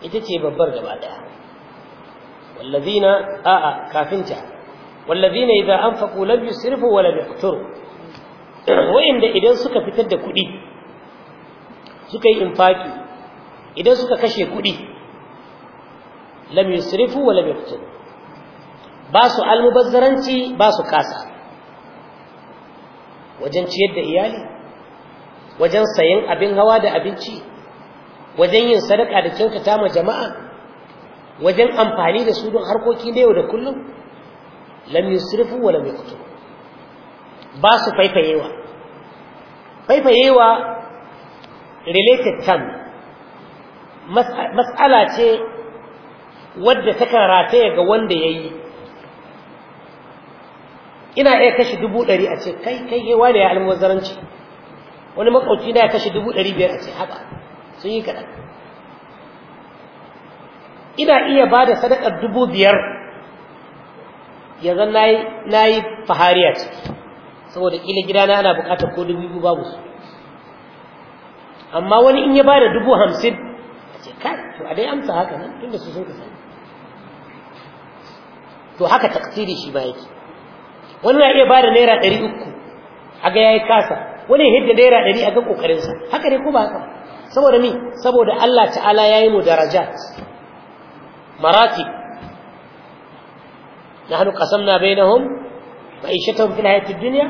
ita ce babbar gaba daya wallazina a'a kafinta wallazina idza anfaqu lam yusrifu wa lam yaqturu wa'inda idan suka fitar da kuɗi suka yi infaki idan suka kashe kuɗi lam yusrifu wa lam yaqtul ba su almubazzaranci ba su kasa wajen ciyar da iyali wajen sayan abin hawa da abinci wajen yin sadaka da kyautata ma jama'a wajen amfani da su don harkoki na yau da kullum lam yusrifu wa lam yaqtul ba su faifayewa faifayewa related term mas'ala ce wadda takan rataya ga wanda ya yi ina iya kashe dubu ɗari a ce kai kai yawa ne ya almubazzaranci wani makwauci na ya kashe dubu ɗari biyar a ce haka sun yi kaɗan ina iya ba da sadakar dubu biyar zan na yi fahariya ciki saboda ƙila gidana ana buƙatar ko dubu biyu babu su amma wani in ya ba da dubu hamsin a ce kai to a dai amsa haka nan tun da su sun kasance to haka taksiri shi ba yake wani na iya bada naira ɗari uku a ga ya yi kasa wani hidda naira ɗari a ga ƙoƙarinsa haka ne ko ba haka saboda ni saboda allah ta'ala ya yi mu darajat marati na hannu kasam na bai na hun ba ishe ta duniya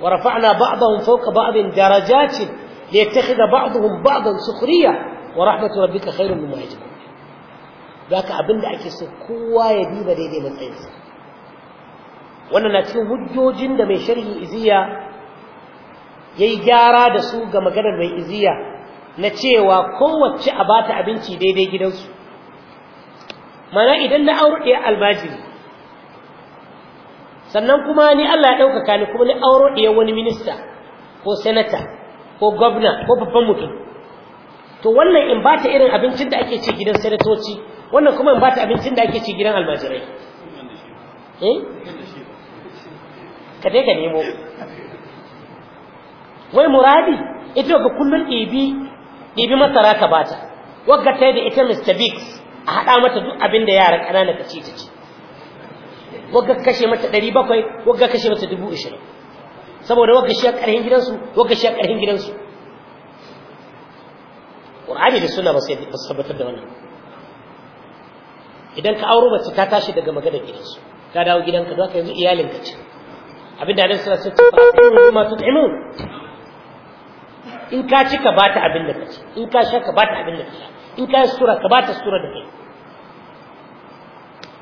wa rafa na ba a bahun fauka ba a bin darajat ne ta ba a bahun a bin sukuriya wa rahmatu mu ma'ajibu zaka abinda ake so kowa ya diba daidai matsayinsa wannan na cikin hujjojin da mai sharhi iziya ya yi gyara da su ga maganar mai iziya na cewa kowace a ba ta abinci daidai gidansu mana idan na aure ɗaya albajiri sannan kuma ni Allah ya ɗaukaka ni kuma ni aure ɗaya wani minista ko senata ko gwamna ko babban mutum to wannan in ba ta irin abincin da ake ci gidan sanatoci. wannan kuma in ba ta abincin da ake ci gidan almajirai eh ka dai ka nemo wai muradi ita ga kullun ɗibi ɗibi masara ka bata wagga ta da ita Mr. Biggs a haɗa mata duk abin da yara ƙanana ka ci ta ci wagga kashe mata ɗari bakwai wagga kashe mata dubu ashirin saboda wagga shi a ƙarhin gidansu wagga shi a ƙarhin gidansu ƙur'ani da suna ba su tabbatar da wannan idan ka auro mace ta tashi daga maganar gidansu ka dawo gidanka don ka yanzu iyalinka ce abin da suna sun ce fa'atimu ma ta'imu in ka ci ka bata abin da ka ci in ka sha ka bata abin da ka sha in ka yi sura ka bata sura da kai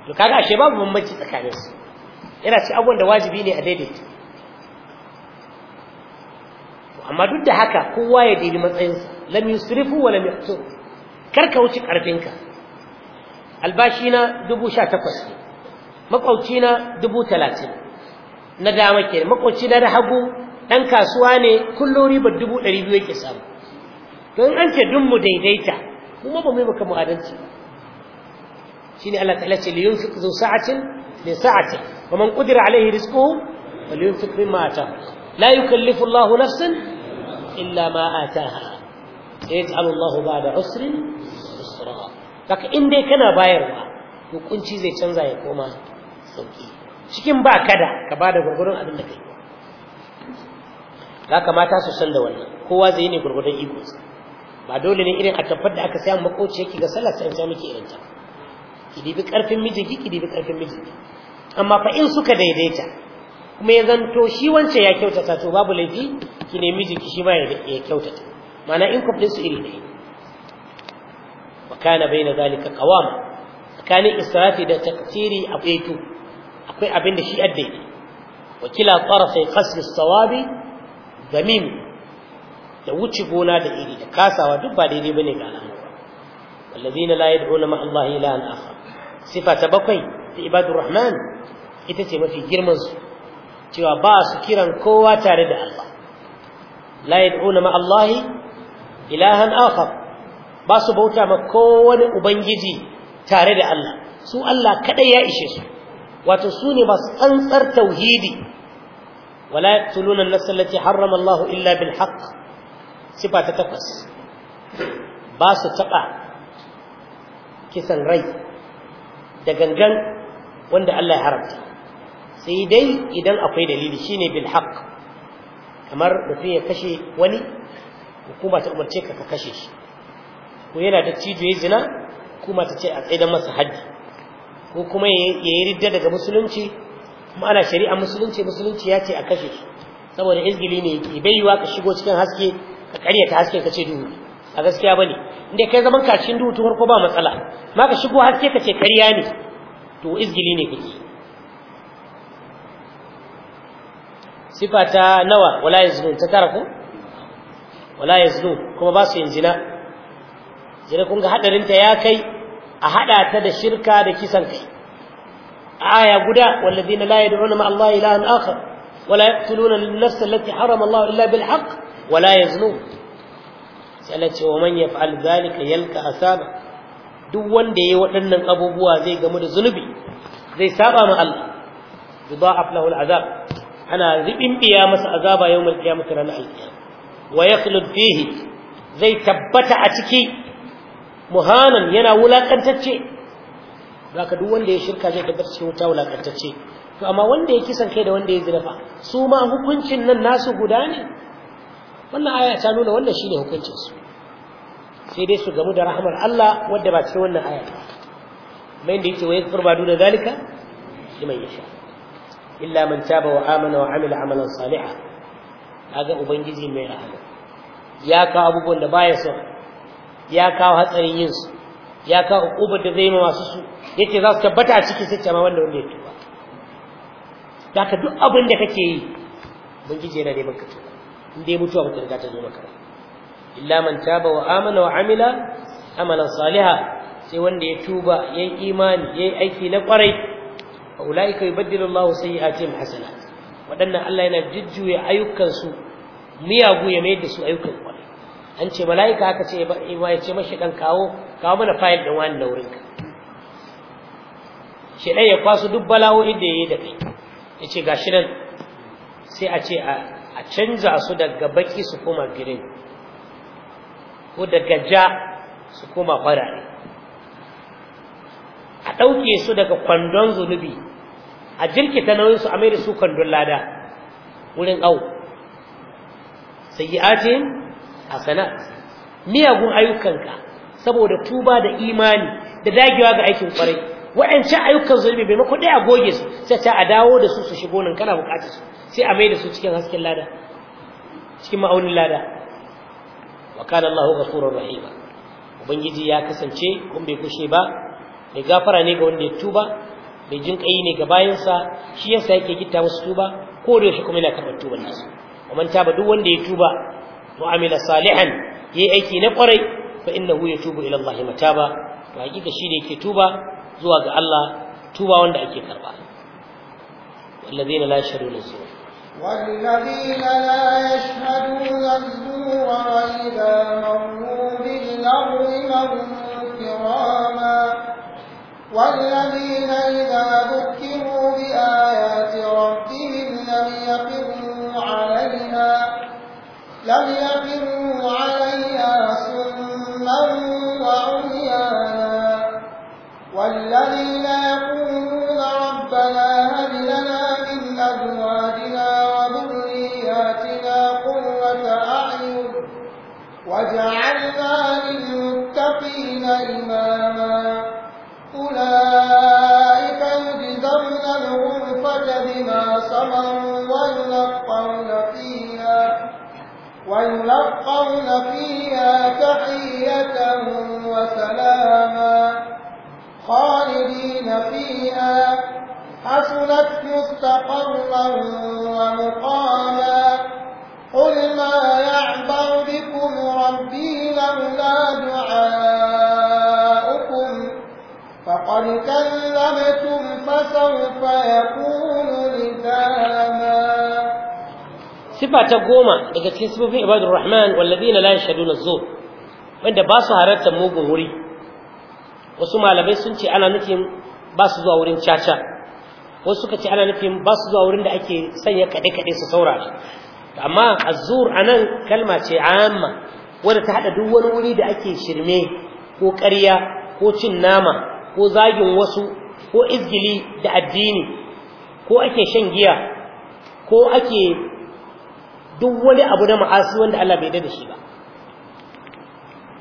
to kaga ashe babu bambanci tsakanin su yana ci abubuwan da wajibi ne a daidaita amma duk da haka kowa ya daidai matsayinsa lam yusrifu wa lam yahtur kar ka wuce karfinka Albashina dubu sha takwas ne makwauci dubu talatin na dama ke makwauci na da ɗan kasuwa ne kullum ribar dubu ɗari biyu yake samu Don in an ce dun mu daidaita kuma ba mu yi maka mu'adalci shi ne Allah ta'ala ce li yunfiq zu sa'atin li sa'ati wa man qudira alaihi rizquhu wa li yunfiq mimma atahu la yukallifu Allahu nafsan illa ma ataha sayaj'alu Allahu ba'da usrin kaka in dai kana bayarwa to kunci zai canza ya koma sauki cikin ba kada ka bada gurgurun abin da kai ka kamata su san da wannan kowa zai yi ne gurgurun iko. ba dole ne irin a tabbar da aka samu makoci yake ga sallah sai ta muke irin ta ki dibi karfin mijinki ki dibi karfin mijinki amma fa in suka daidaita kuma ya zanto shi wance ya kyautata to babu laifi ki ne mijinki shi ba ya kyautata ma'ana in kwafin su iri ɗaya kana baina zalika qawam tsakanin israfi da taqsiri akwai to akwai abin da shi adda yake wakila tarafai qasr as-sawabi damim da wuce gona da iri da kasawa duk ba daidai bane ga Allah wallazina la yad'una ma Allah ilahan akhar sifa ta bakwai da ibadur rahman ita ce mafi girman cewa ba su kiran kowa tare da Allah la yad'una ma Allah ilahan akhar ba su bauta ma kowane ubangiji tare da Allah su Allah kaɗai ya ishe su wato su ne masu tsantsar tauhidi wala yaqtuluna an-nafs Allah illa bil haqq sifa ta takwas ba su taɓa kisan rai da gangan wanda Allah ya haramta sai dai idan akwai dalili shine bil haq. kamar mutum ya kashe wani hukuma ta umarce ka ka kashe shi ko yana da cijo ya zina kuma ta ce a tsaidan masa haddi ko kuma ya yi ridda daga musulunci kuma ana shari'a musulunci musulunci ya ce a kashe shi saboda izgili ne ke baiwa ka shigo cikin haske ka karya ta haske ka ce duhu a gaskiya bane inda kai zaman kashin duhu tun farko ba matsala ma ka shigo haske ka ce karya ne to izgili ne kake sifa ta nawa wala yazun ta tara ku? wala yanzu kuma ba su yin zina sai kun ga hadarin ta ya kai a hada ta da shirka da kisan kai aya guda walladina la yad'una ma Allah ilahan akhar wala yaqtuluna an-nafs allati harama Allah illa bil haqq wala yaznun sai ce man yaf'al zalika yalka asaba duk wanda yayi waɗannan abubuwa zai gamu da zunubi zai saba ma Allah yudha'af lahu al'azab ana ribin biya masa azaba yawmal qiyamah ranar alqiyamah wa yakhlud fihi zai tabbata a ciki muhanan yana wulakantacce zaka duk wanda ya shirka zai tabbata cikin wuta wulakantacce to amma wanda ya kisan kai da wanda ya zinafa su ma hukuncin nan nasu guda ne wannan aya ta nuna wannan shine hukuncin su sai dai su gamu da rahmar Allah wadda ba cikin wannan aya ba mai da yake wayar furba duna zalika liman yasha illa man taba wa amana wa amila amalan salihah kaga ubangiji mai rahama ya ka abubuwan da baya son ya kawo hatsarin yin su ya kawo ƙubar da zai ma masu su yake za su tabbata a ciki sai cama wanda wanda ya tuba da ka duk abin da kake yi gije yana neman ka tuba in dai mutuwa mutum ta zo maka illa man taba wa amana wa amila amalan saliha sai wanda ya tuba yayi imani yi aiki na kwarai A ulaika yubaddilu Allahu ce hasanat Waɗannan Allah yana jujjuya ayyukansu miyagu ya mayar da su ayyukan an ce mala'ika aka ce ya ce mashi ɗan kawo kawo mana fayil ɗin wani da wurinka shi ɗan ya kwaso duk bala'o'in da ya yi da kai ya ce ga shirin sai a ce a canza su daga baki su koma girin ko daga ja su koma farare a ɗauke su daga kwandon zunubi a jirkita su a mai da su kwandon lada wurin au ajiyin hasanat miyagun ayyukanka saboda tuba da imani da dagewa ga aikin kwarai waɗancan ayyukan zulmi bai mako ɗaya goge su sai ta a dawo da su su shigo nan kana buƙatar su sai a mai da su cikin hasken lada cikin ma'aunin lada wa kana Allah ghafurur rahima ubangiji ya kasance kun bai kushe ba mai gafara ne ga wanda ya tuba mai jin kai ne ga bayansa shi yasa yake gitta musu tuba ko da shi kuma yana karɓar tuban nasu ta ba duk wanda ya tuba wa amila salihan yayi aiki na kwarai fa innahu yatubu ila Allah mataba to hakika shine yake tuba zuwa ga Allah tuba wanda ake karba والذين لا يشهدون الزور والذين لا يشهدون الزور وإذا مروا باللغو مروا كراما والذين إذا ذكروا بآيات ربهم لم يقروا عليها لم يبروا عليها صما وعميانا والذين يقولون ربنا هب لنا من أزواجنا وذرياتنا قرة أعين واجعلنا للمتقين إماما أولئك يجزون الغرفة بما صبروا ويلقون فيها تحية وسلاما خالدين فيها حسنت مستقرا ومقاما قل ما يعبر بكم ربي لولا دعاؤكم فقد كلمتم فسوف يكون لزاما sifa ta goma daga cikin sifofin ibadur rahman na la yashhaduna az-zur wanda ba su halarta mugun wuri wasu malamai sun ce ana nufin ba su zuwa wurin caca wasu suka ce ana nufin ba su zuwa wurin da ake sanya kaɗe-kaɗe su saura amma azzur anan kalma ce amma wanda ta haɗa duk wani wuri da ake shirme ko ƙarya ko cin nama ko zagin wasu ko izgili da addini ko ake shan giya ko ake duk wani abu na ma'asi wanda Allah bai da shi ba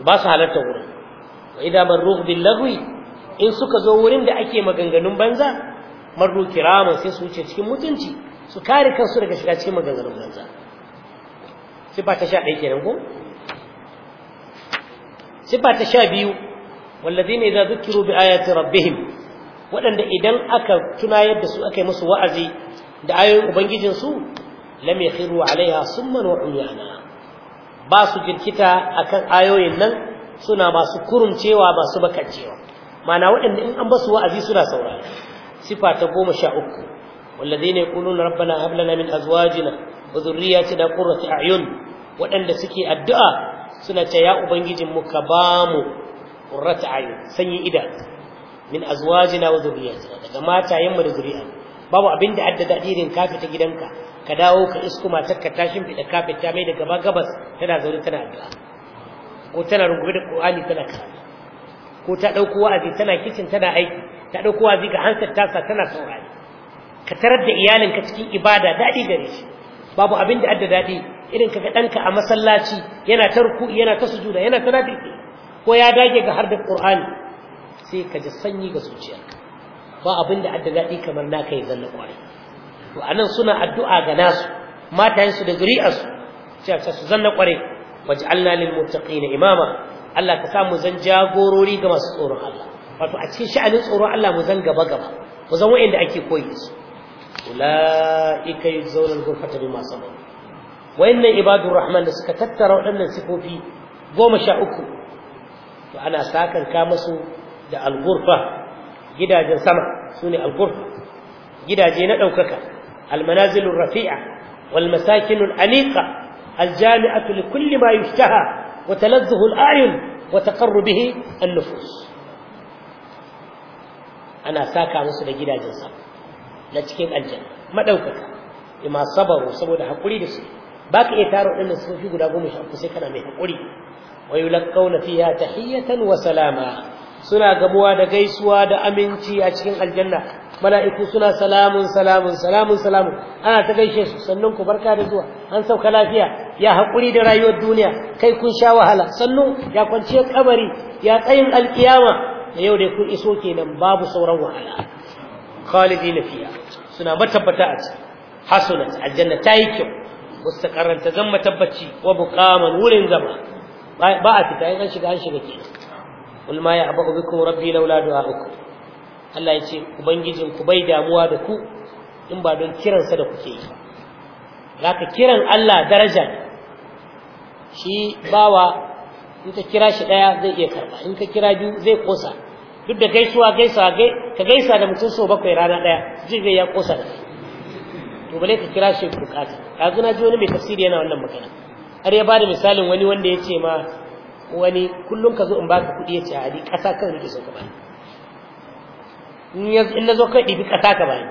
ba su halarta wurin wa idan marruh bil lagwi in suka zo wurin da ake maganganun banza marru kiraman sai su wuce cikin mutunci su kare kansu daga shiga cikin maganganun banza sifa ta 11 kenan ko sifa ta 12 walladhina idza dhukiru bi ayati rabbihim wadanda idan aka tunayar da su aka yi musu wa'azi da ayoyin ubangijin su lam yakhiru alaiha summa wa umyana ba su jirkita akan ayoyin nan suna masu kurumcewa masu bakancewa mana waɗanda in an basu wa'azi suna saurari sifa ta goma sha uku walladhina yaquluna rabbana hab lana min azwajina wa dhurriyyatina qurrata a'yun waɗanda suke addu'a suna ta ya ubangijin mu ka bamu qurrata a'yun sanyi idanu min azwajina wa dhurriyyatina daga matayen mu da zuri'a babu abinda addada irin ka gidanka ka dawo ka isko matar ka tashin shimfiɗa kafin ta mai da gaba gabas tana zaune tana addu'a ko tana rungume da Qur'ani tana karatu ko ta ɗauko wa'azi tana kicin tana aiki ta ɗauko wa'azi ga hansar tasa tana saurari ka tarar da iyalinka cikin ibada daɗi gare shi babu abin da adda daɗi irin ka ga ɗanka a masallaci yana ta ruku yana ta sujuda yana ta nafi ko ya dage ga har da Qur'ani sai ka ji sanyi ga zuciyarka ba abin da adda daɗi kamar naka ya zalla ƙwari. to nan suna addu'a ga nasu matayen su da zuri'arsu sai su zanna kware waj'alna lil muttaqina imama Allah ka samu zan jagorori ga masu tsoron Allah wato a cikin sha'anin tsoron Allah mu zan gaba gaba mu zan wa'anda ake koyi su ulaika yuzawna al-ghurfata bima sabaru wayannan ibadur rahman da suka tattara waɗannan sifofi goma sha uku to ana sakan ka musu da al gidajen sama sune al-ghurfa gidaje na ɗaukaka المنازل الرفيعة والمساكن الأنيقة الجامعة لكل ما يشتهى وتلذه الأعين وتقر به النفوس أنا ساكا مسل جدا جنسا لا تكيب الجنة ما دوكك لما صبروا صبروا حقولي لسي باقي إيتارو إن السوفي قد أقوم يشعب سيكنا من حقولي ويلقون فيها تحية وسلاما suna gabuwa da gaisuwa da aminci a cikin aljanna mala'iku suna salamun salamun salamun salamun ana ta gaishe su sannan ku barka da zuwa an sauka lafiya ya haƙuri da rayuwar duniya kai kun sha wahala sannu ya kwanciyar kabari ya tsayin alkiyama da yau dai kun iso kenan babu sauran wahala khalidina fiha suna matabbata a ciki hasunat aljanna ta yi kyau mustaqarran ta zama tabbaci wa buqaman wurin zama ba a fita in an shiga an shiga kenan qul ma ya'ba'u bikum rabbi laula du'a'ukum Allah yace ubangijin ku bai damuwa da ku in ba don kiransa da kuke yi zaka kiran Allah daraja shi bawa in ka kira shi daya zai iya karba in ka kira biyu zai kosa duk da gaisuwa gaisa ka gaisa da mutum so bakwai rana daya zai ga ya kosa da to bale ka kira shi bukata kaga na ji wani mai tafsiri yana wannan magana har ya bada misalin wani wanda ya ce ma wani kullum ka zo in baka kuɗi ya ce hali ƙasa kan rike so ka bani in na zo kai ɗibi ƙasa ka bani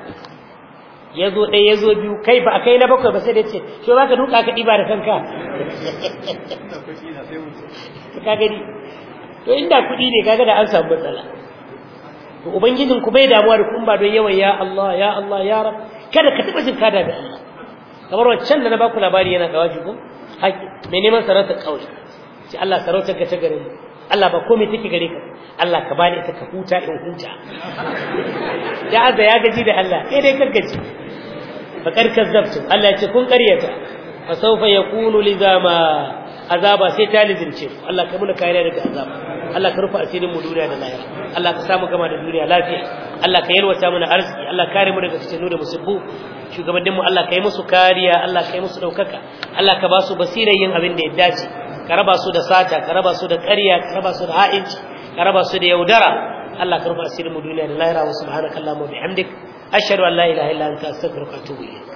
ya zo ɗaya ya zo biyu kai ba a kai na bakwai ba sai da ce to ba ka duka ka ɗiba da kanka [laughs] ka gani to inda kuɗi ne kaga da an samu matsala to ubangijin ku bai damuwa da kun ba don yawan ya Allah ya Allah ya Rab kada ka taɓa jin da Allah kamar wancan da na baku labari yana da wajibin haƙƙi mai neman sarautar kawai ce Allah sarautar ka ta garin mu Allah ba komai take gare ka Allah ka bani ita ka huta in huta [laughs] ya azza ya gaji da Allah sai dai karkaci ba karkar zabtu Allah ya ce kun ƙaryata fa sawfa yakunu lizama azaba sai ta lizince Allah ka muna kariya daga azaba Allah ka rufe asirin mu duniya da lafiya Allah ka samu gama da duniya lafiya Allah ka yalwata mana arziki Allah kare mu daga fitinu da musibbu shugabanninmu Allah ka yi musu kariya Allah ka yi musu ɗaukaka Allah ka ba su basirar yin abin da ya dace ka raba su da sata ka raba su da ƙarya ka raba su da ha'inci ka raba su da yaudara Allah ka rufa asirin mu duniya da lahira wa subhanakallahumma wa bihamdik ashhadu an la ilaha illa anta astaghfiruka wa atubu ilayk